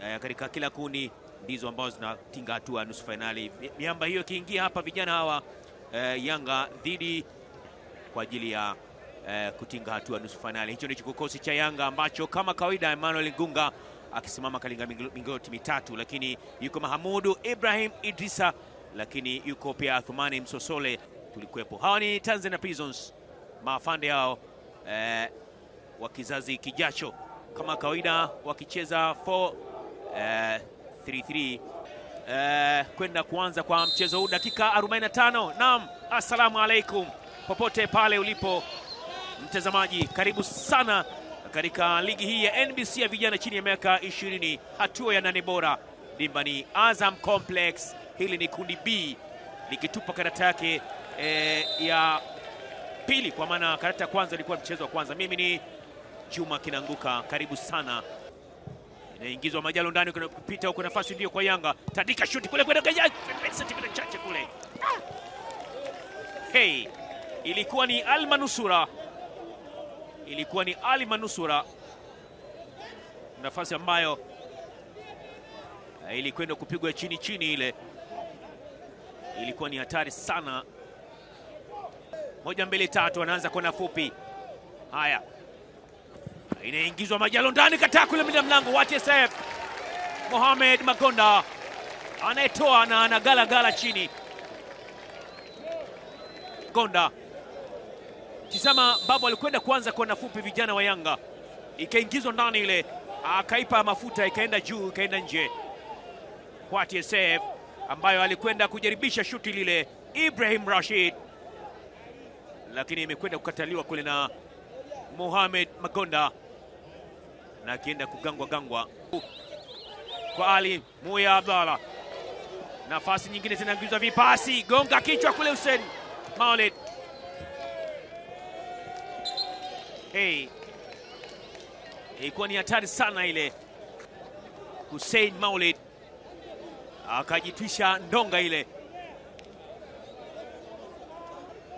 eh, katika kila kundi ndizo ambazo zinatinga hatua nusu fainali. Miamba hiyo ikiingia hapa, vijana hawa eh, Yanga dhidi kwa ajili ya eh, kutinga hatua nusu fainali. Hicho ndicho kikosi cha Yanga ambacho kama kawaida Emmanuel Ngunga akisimama kalinga mingoti mitatu, lakini yuko Mahamudu Ibrahim Idrisa, lakini yuko pia Athumani Msosole tulikuwepo. Hawa ni Tanzania Prisons, maafande hao eh, wa kizazi kijacho, kama kawaida wakicheza 3-3 eh, eh, kwenda kuanza kwa mchezo huu dakika 45. Naam, assalamu alaikum popote pale ulipo mtazamaji, karibu sana katika ligi hii ya NBC ya vijana chini ya miaka 20 hatua ya nane bora. Dimba ni Azam Complex, hili ni kundi B likitupa karata yake eh, ya pili, kwa maana karata ya kwanza ilikuwa mchezo wa kwanza. Mimi ni Juma Kinanguka, karibu sana inaingizwa Majalo ndani, kuna kupita huko, nafasi ndio kwa Yanga. Tandika shuti kule kwenda sentimita chache kule. Hey, ilikuwa ni almanusura, ilikuwa ni almanusura, nafasi ambayo eh, ilikwenda kupigwa chini chini, ile ilikuwa ni hatari sana. Moja mbili tatu, anaanza kona fupi. Haya inaingizwa Majalo ndani, kataa kule mlinda mlango wa TSF Mohamed Makonda anayetoa na anagalagala chini. Gonda, tizama babu alikwenda kuanza kwa nafupi vijana wa Yanga, ikaingizwa ndani ile, akaipa mafuta, ikaenda juu, ikaenda nje kwa TSF ambayo alikwenda kujaribisha shuti lile Ibrahim Rashid, lakini imekwenda kukataliwa kule na Mohamed Magonda na akienda kugangwa gangwa kwa Ali Muya Abdalla. Nafasi nyingine zinaingizwa vipasi, gonga kichwa kule Hussein Maulid. Hey, ilikuwa ni hatari sana ile. Hussein Maulid akajitwisha ndonga ile.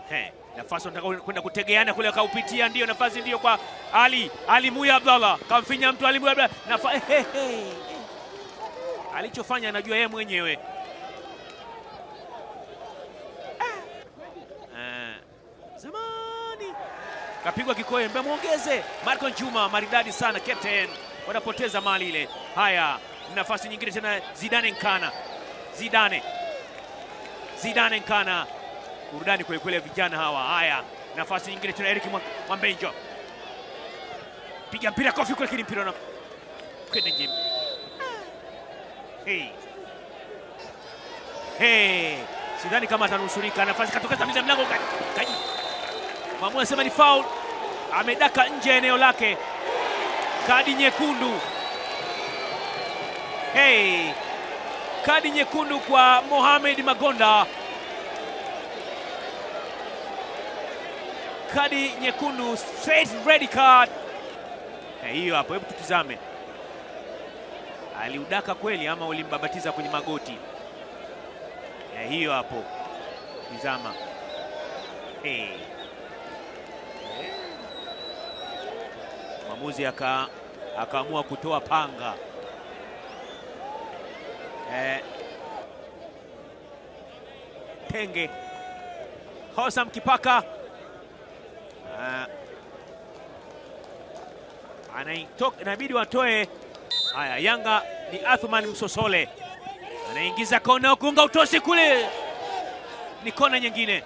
Hey nafasi wanataka kwenda kutegeana kule, akaupitia ndio nafasi ndio kwa Ali Ali Muya Abdallah, kamfinya mtu Ali Muya Abdallah nafa, hey, eh, eh, hey. Eh. alichofanya anajua yeye mwenyewe ah. Ah. Zamani kapigwa mbe, muongeze Marco Juma maridadi sana, captain wanapoteza mali ile. Haya, nafasi nyingine tena, Zidane Nkana, Zidane Zidane Nkana burudani kwelikweli ya vijana hawa. Haya, nafasi nyingine tuna Eric Mwambenjo, piga mpira kofi kweli, lakini mpira kwenda nje. Hey. Hey. Sidhani kama atanusurika, nafasi katokeza mlinda mlango kaji. Mwamuzi anasema ni foul, amedaka nje ya eneo lake, kadi nyekundu. Hey. Kadi nyekundu kwa Mohamed Magonda. kadi nyekundu, straight red card. Na hiyo hapo, hebu tutizame, aliudaka kweli ama ulimbabatiza kwenye magoti? Na hiyo hapo, tizama. Hey. Mwamuzi aka akaamua kutoa panga eh. Tenge Hosam Kipaka Uh, anaitoka, inabidi watoe. Haya, Yanga ni Athman Msosole anaingiza kona, ukunga utosi kule, ni kona nyingine.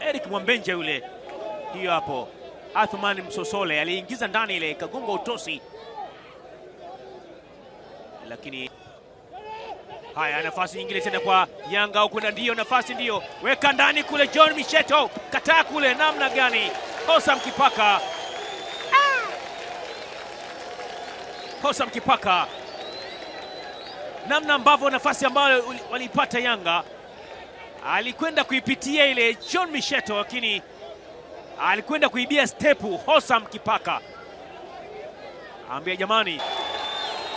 Eric Mwambenja yule, hiyo hapo. Athman Msosole aliingiza ndani ile, ikagonga utosi lakini Haya, nafasi nyingine tena kwa Yanga huko, na ndiyo nafasi, ndiyo weka ndani kule, John Micheto kataa kule, namna gani? Hosam mkipaka Hosam mkipaka, namna ambavyo nafasi ambayo waliipata Yanga alikwenda kuipitia ile John Micheto, lakini alikwenda kuibia stepu. hosa mkipaka ambia jamani,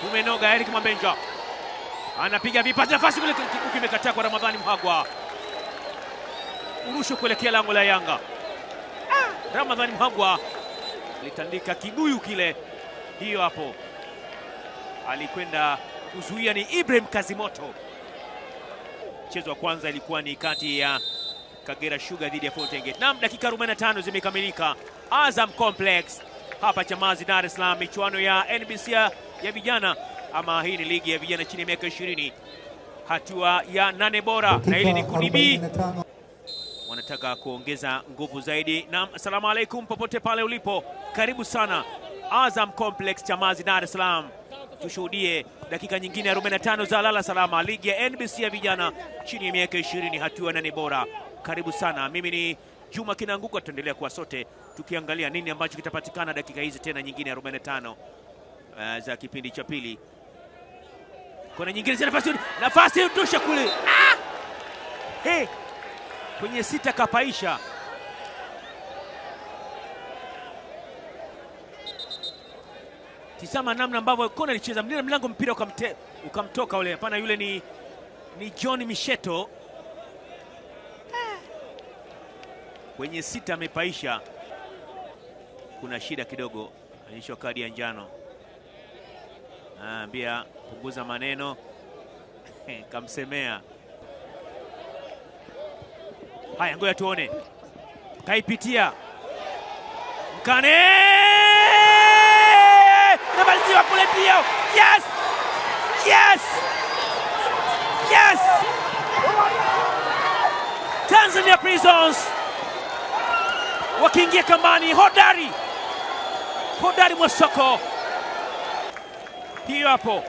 tumenoga. Eric Mambenja anapiga vipa nafasi kule, kimekataa kwa Ramadhani Mhagwa, urusho kuelekea lango la Yanga. Ah, Ramadhani Mhagwa alitandika kibuyu kile, hiyo hapo alikwenda kuzuia ni Ibrahim Kazimoto. Mchezo wa kwanza ilikuwa ni kati ya Kagera Sugar dhidi ya Fountain Gate. Naam, dakika 45 zimekamilika Azam Complex hapa Chamazi, Dar es Salaam, michuano ya NBC ya vijana ama hii ni ligi ya vijana chini ya miaka 20 hatua ya nane bora, na hili ni kundi B, wanataka kuongeza nguvu zaidi. Na asalamu alaikum, popote pale ulipo, karibu sana Azam Complex Chamazi, Dar es Salaam. Tushuhudie dakika nyingine 45 za lala salama, ligi ya NBC ya vijana chini ya miaka 20, hatua nane bora. Karibu sana, mimi ni Juma Kinaanguka. Tutaendelea kuwa sote tukiangalia nini ambacho kitapatikana dakika hizi tena nyingine 45 uh, eh, za kipindi cha pili kona nyingine zile nafasi nafasi tosha kule ah! hey! kwenye sita kapaisha Tizama namna ambavyo kona alicheza mlinda mlango mpira ukamte, ukamtoka ule. Hapana, yule ni, ni John Misheto kwenye sita amepaisha. Kuna shida kidogo, aonyeshwa kadi ya njano anaambia ah, punguza maneno kamsemea. Haya, ngoja tuone, kaipitia Mkane namaliziwa kule pia. Yes! Yes! Yes! Tanzania Prisons wakiingia kambani hodari hodari Mwasoko hiyo hapo.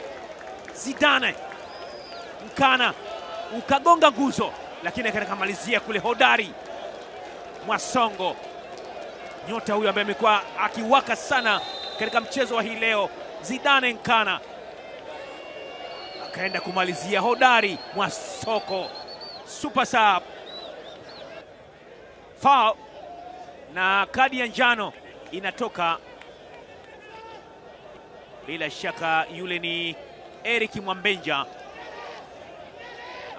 Zidane mkana ukagonga nguzo, lakini akakamalizia kule hodari Mwasongo, nyota huyo ambaye amekuwa akiwaka sana katika mchezo wa hii leo. Zidane Nkana akaenda kumalizia hodari Mwasoko, super sub fao, na kadi ya njano inatoka bila shaka yule ni Eric Mwambenja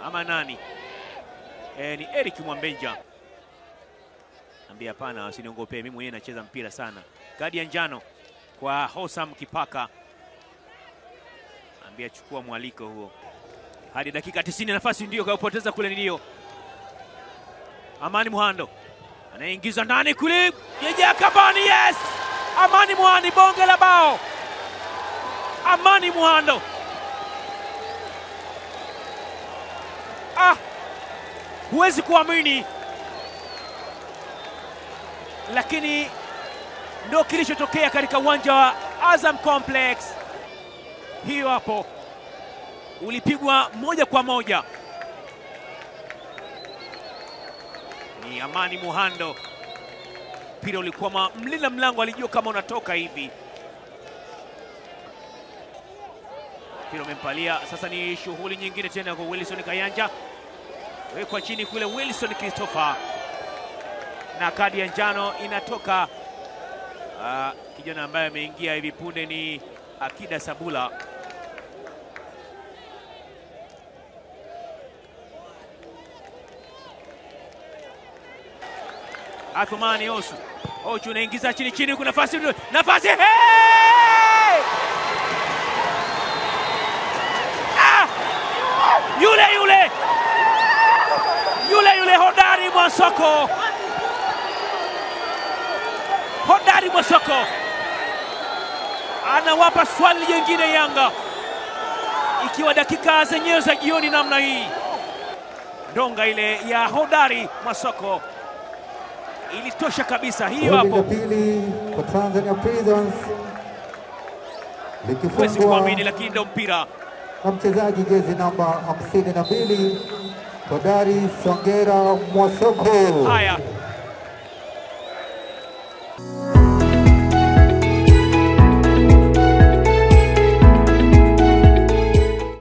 ama nani? E, ni Eric Mwambenja. Ambia hapana, usiniongopee mimi mwenyewe nacheza mpira sana. Kadi ya njano kwa Hosam Kipaka. Ambia chukua mwaliko huo hadi dakika 90, nafasi ndio kaupoteza kule nilio Amani Muhando anaingiza ndani kule, Yejea Kabani, yes! Amani Muhando, bonge la bao. Amani Muhando. Ah, huwezi kuamini, lakini ndo kilichotokea katika uwanja wa Azam Complex. Hiyo hapo, ulipigwa moja kwa moja. Ni Amani Muhando, mpira ulikuwa mlinda mlango, alijua kama unatoka hivi. mpira umempalia sasa. Ni shughuli nyingine tena kwa Wilson Kayanja, wekwa chini kule Wilson Christopher, na kadi ya njano inatoka aa, ah, kijana ambaye ameingia hivi punde ni Akida Sabula. Athumani Osu Ochu naingiza chini chini, kuna nafasi nafasi, hey! yule yule yule yule hodari mwa soko, hodari mwa soko anawapa swali jingine Yanga, ikiwa dakika zenyewe za jioni namna hii. Ndonga ile ya hodari mwa soko ilitosha kabisa, hiyo hapo. Huwezi kuamini, lakini ndo mpira na mchezaji jezi namba hamsini na mbili Hodari Songera Mwasoko. Haya.